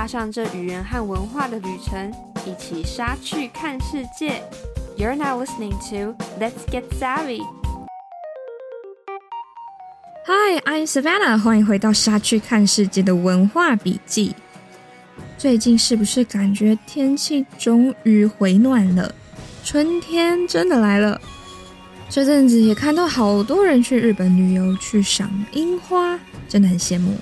踏上這語言和文化的旅程，一起莎去看世界。You're now listening to Let's Get Savvy。Hi，I'm Savannah，歡迎回到莎去看世界的文化筆記。最近是不是感覺天氣終於回暖了？春天真的來了。這陣子也看到好多人去日本旅遊去賞櫻花，真的很羨慕。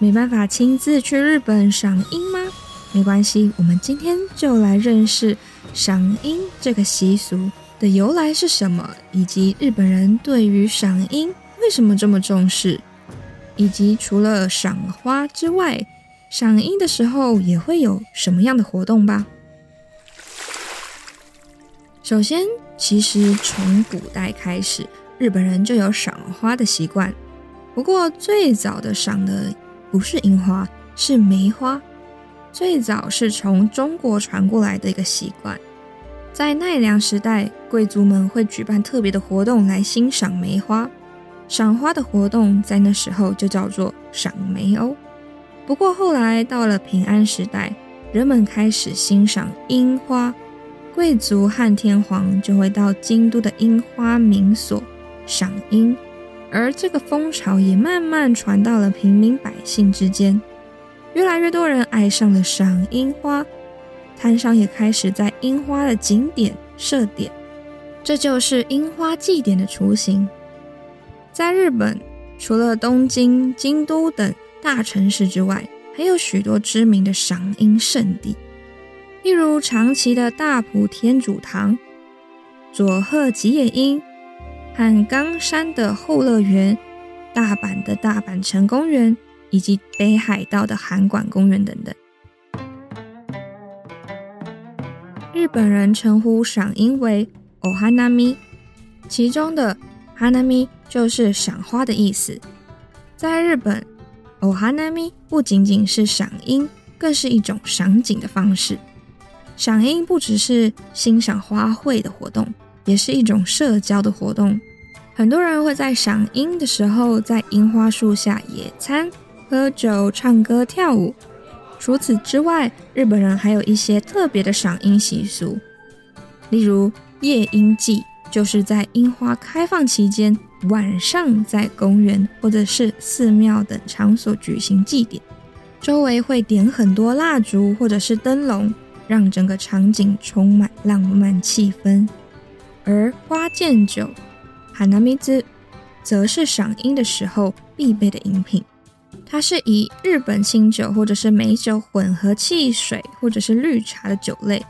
沒辦法親自去日本賞櫻嗎？沒關係，我們今天就來認識賞櫻這個習俗的由來是什麼，以及日本人對於賞櫻為什麼這麼重視，以及除了賞花之外，賞櫻的時候也會有什麼樣的活動吧。首先，其實從古代開始，日本人就有賞花的習慣，不過最早的賞的。不是櫻花，是梅花。最早是從中國傳過來的一個習慣，在奈良時代，貴族們會舉辦特別的活動來欣賞梅花。賞花的活動在那時候就叫做「賞梅」哦。不過後來到了平安時代，人們開始欣賞櫻花，貴族和天皇就會到京都的櫻花名所賞櫻。而這個風潮也慢慢傳到了平民百姓之間，越來越多人愛上了賞櫻花，攤商也開始在櫻花的景點設點，這就是櫻花祭典的雛形。在日本，除了東京、京都等大城市之外，還有許多知名的賞櫻聖地，例如長崎的大浦天主堂、佐賀吉野櫻。函岡山的後樂園、大阪的大阪城公園，以及北海道的函館公園等等。日本人稱呼賞櫻為“お花見”，其中的“花見”就是賞花的意思。在日本，“お花見”不僅僅是賞櫻，更是一種賞景的方式。賞櫻不只是欣賞花卉的活動，也是一種社交的活動。很多人會在賞櫻的時候在櫻花樹下野餐、喝酒、唱歌、跳舞。除此之外，日本人還有一些特別的賞櫻習俗，例如夜櫻祭，就是在櫻花開放期間晚上在公園或者是寺廟等場所舉行祭典，周圍會點很多蠟燭或者是燈籠，讓整個場景充滿浪漫氣氛。而花見酒，海南蜜汁，則是賞櫻的時候必備的飲品。它是以日本清酒或者是梅酒混合汽水或者是綠茶的酒類。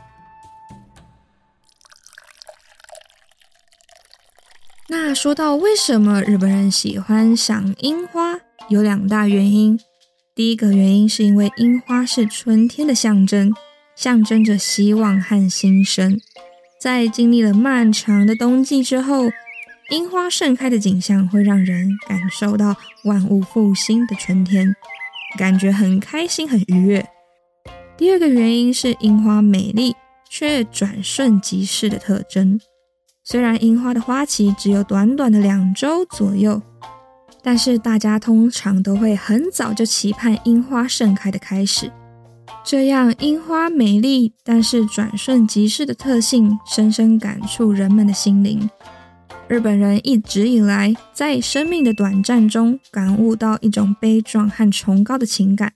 那說到為什麼日本人喜歡賞櫻花，有兩大原因。第一個原因是因為櫻花是春天的象徵，象徵着希望和新生。在經歷了漫長的冬季之後，櫻花盛開的景象會讓人感受到萬物復興的春天，感覺很開心、很愉悅。第二個原因是櫻花美麗卻轉瞬即逝的特徵。雖然櫻花的花期只有短短的兩週左右，但是大家通常都會很早就期盼櫻花盛開的開始。這樣，櫻花美麗但是轉瞬即逝的特性深深感觸人們的心靈。日本人一直以來在生命的短暫中感悟到一種悲壯和崇高的情感，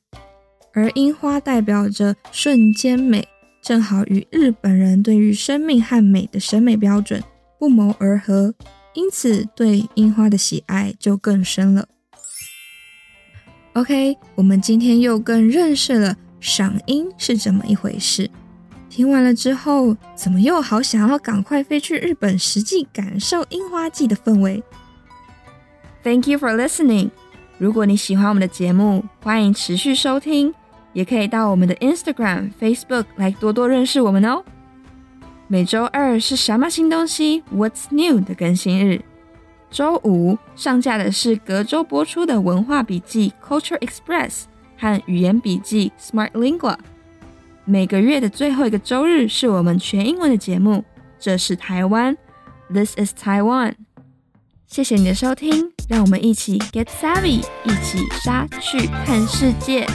而櫻花代表着瞬間美，正好與日本人對於生命和美的審美標準不謀而合，因此對櫻花的喜愛就更深了。OK，我們今天又更認識了賞櫻是怎麼一回事。聽完了之後，怎麼又好想要趕快飛去日本，實際感受櫻花季的氛圍？Thank you for listening！如果你喜歡我們的節目，歡迎持續收聽，也可以到我們的 Instagram、Facebook 來多多認識我們哦。每周二是什麼新東西？What's new 的更新日。周五上架的是隔周播出的文化筆記 Culture Express 和語言筆記 Smart Lingua。每個月的最後一個週日是我們全英文的節目。這是台灣，This is Taiwan。謝謝你的收聽，讓我們一起 Get Savvy，一起莎去看世界。